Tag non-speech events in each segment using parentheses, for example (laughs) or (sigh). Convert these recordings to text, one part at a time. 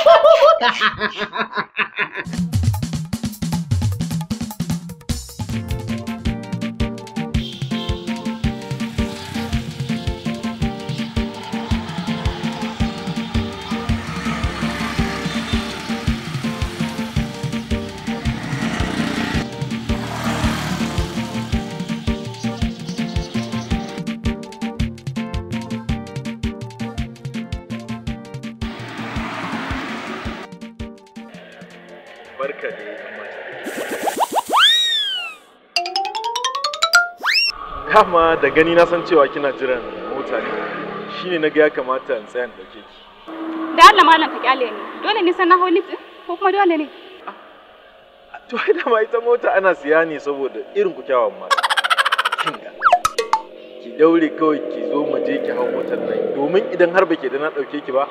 Ha ha ha ha ha ha ha ha! dama da gani na san cewa kina jiran mota ne shine na ga ya kamata in tsaya da dauke ki da Allah malam ka kyale ni dole ne san na hau lift ko kuma dole ne ah, to ai mai ta mota ana siya ne saboda irin ku kyawawan mata kinga ki daure kawai ki zo mu je ki hau motar nan domin idan har bake da na dauke ki ba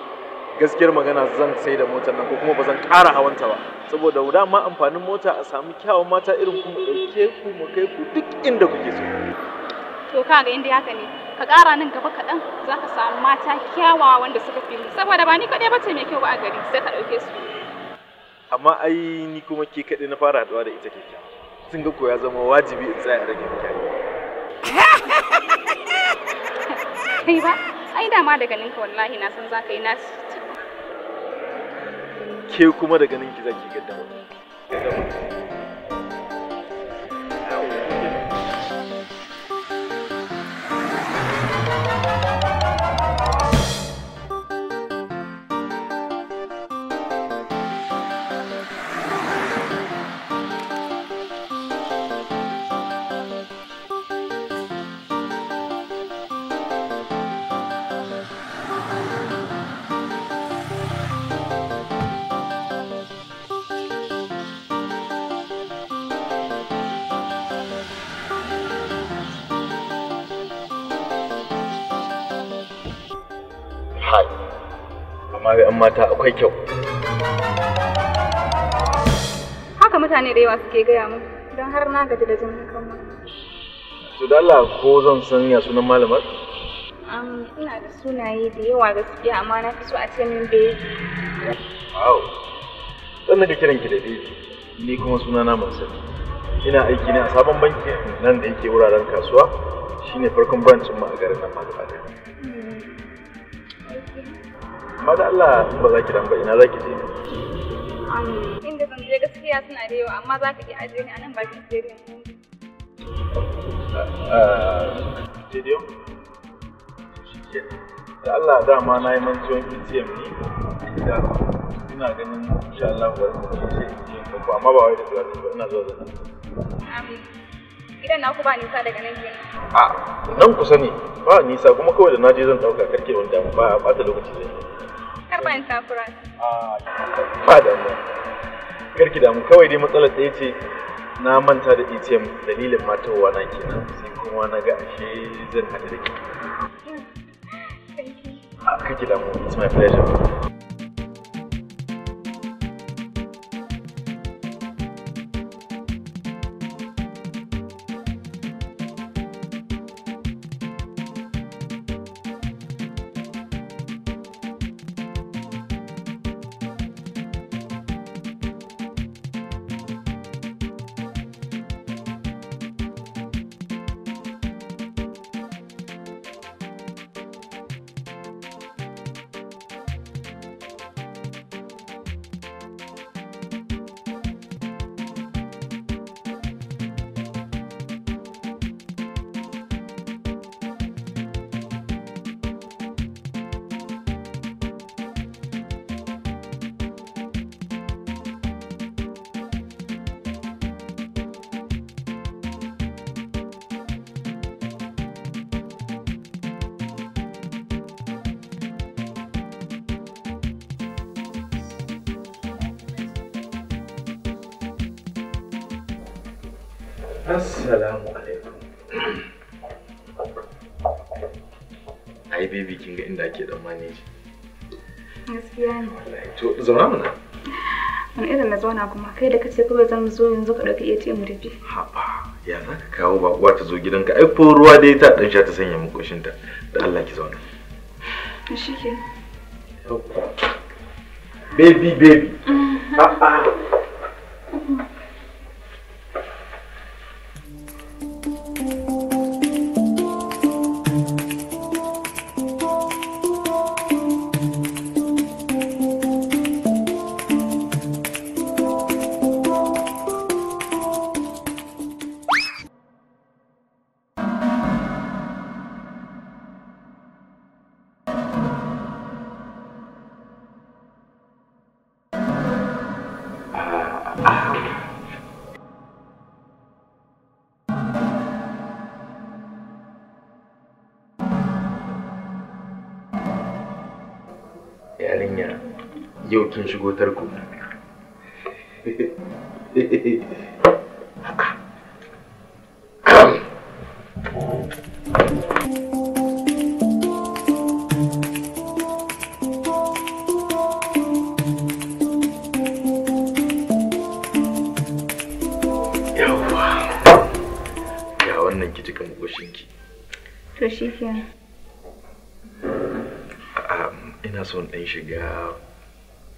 gaskiyar magana zan sai da motar nan ko kuma ba zan ƙara hawanta ba saboda ma amfanin mota a samu kyawawan mata irin ku mu dauke ku mu kai ku duk inda kuke so to kaga inda haka ne ka ƙara nan gaba kaɗan za ka samu mata kyawawa wanda suka fi saboda ba ni kaɗai ba ce mai kyau ba a gari sai ka ɗauke su amma ai ni kuma ke kaɗai na fara haɗuwa da ita kyakkyawa sun ga ko ya zama wajibi in tsaya rage kyakkyawa (laughs) kai ba ai dama da ganin ka wallahi na san za ka yi nasu ke kuma da ganin ki zaki gaddama amma an mata akwai kyau haka mutane da yawa suke gaya mu don har na gaji da jin kan ma to dalla ko zan san ya sunan malamar ina da sunaye da yawa gaskiya amma na fi so a ce min baby wow dan kiran ki da baby ni kuma suna na Mansur ina aiki ne a sabon banki nan da yake wuraren kasuwa shine farkon branch mu a garin nan ma gaba amma da Allah ba za ki dan ba ina za ki je inda zan je gaskiya suna da yawa amma za ka iya ajiye ni a nan bakin stadium ah, stadium shi da Allah dama na yi mantuwan ATM ni da ina ganin insha Allah ba zan je ATM ba amma ba wai da zuwa ba ina zuwa zan gidan ku ba nisa daga nan kenan a ah, nan kusa ne ba nisa kuma kawai da naje zan dauka karke wanda ba a bata lokaci zai Garba Enterprise. Ah, ba da mu. Karki damu kawai dai matsalar ɗaya ce na manta da ATM dalilin matowa na kenan sai kuma na ga ashe zan haɗu da ke. Mm. Ah, damu, it's my pleasure. Assalamu alaikum. Ai baby kin ga inda ake dan manage. Gaskiya ne. To zauna mana. Wani irin na zauna kuma kai da kace kawai zan zo yanzu ka dauki ATM mu tafi. Haba, ya za ka kawo bakuwa ta zo gidanka ai ko ruwa dai ta dan sha ta sanya mu ta, Da Allah ki zauna. ke. Baby baby. Mm-hmm. ha. yarinya yau kin shigo tarko yawwa wannan ki cika makoshinki shi kenan ina son ɗan shiga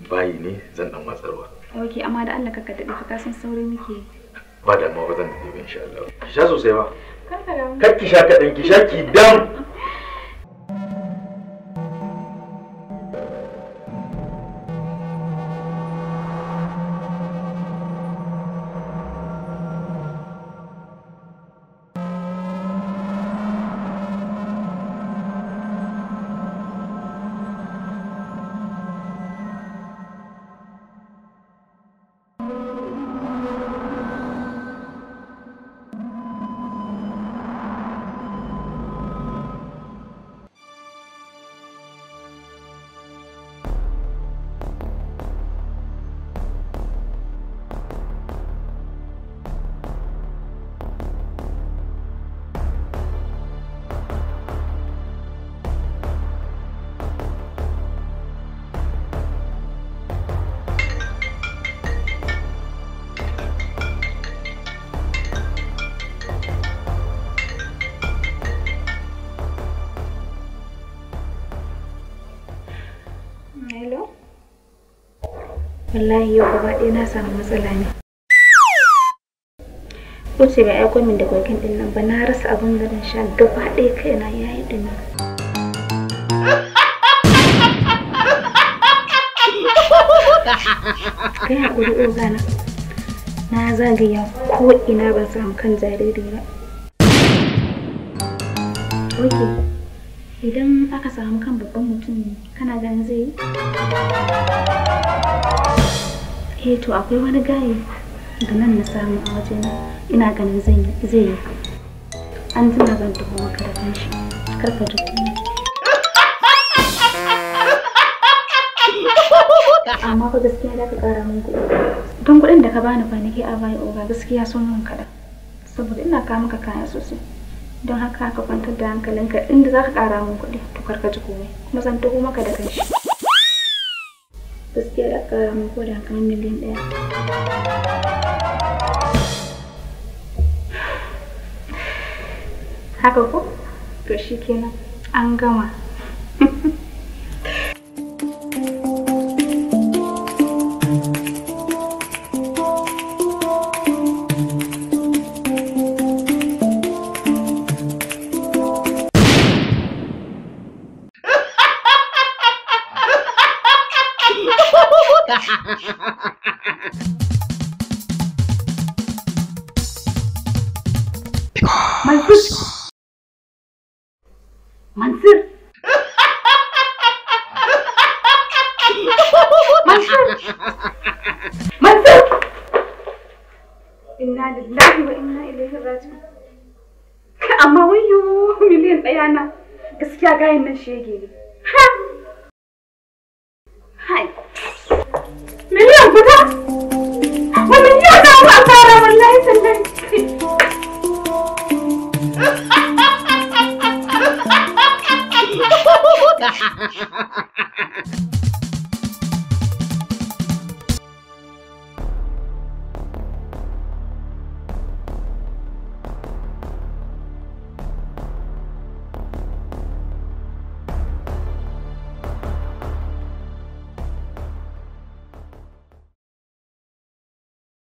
bayi ne zan ɗan watsarwa ok amma da Allah ka daɗe fa ka san sauri muke ba da amma ba zan daɗe ba insha Allah ki sha sosai ba kar ki sha kaɗan ki sha ki dam wallahi yau gaba ɗaya na samu matsala ne wuce bai aiko min da gogin din nan ba na rasa abin da sha gaba ɗaya kaina ya yi dumi kai haƙuri ogana na zagaya ko ina ban samu kan jariri ba idan aka samu kan babban mutum kana ganin zai yi? Eh to akwai wani gaye da nan na samu a wajen ina ganin zai yi an tuna zan tafi makarfin shi karka ji amma fa gaskiya da ka kara min kuɗi don kuɗin da ka bani kwanaki a baya oga gaskiya sun mun kaɗan saboda ina kama ka kaya sosai don haka ka kwantar da hankalinka inda za ka kara min kuɗi to kar ka ji komai kuma zan taho maka da kanshi gaskiya da ƙara min ko da kan miliyan ɗaya (sighs) haka ko to shi kenan an gama Mansur. Mansur. Mansur. Mansur. Inna lillahi wa inna ilaihi raji'un. Amma wayyo miliyan ɗaya na gaskiya gayan nan shege ne.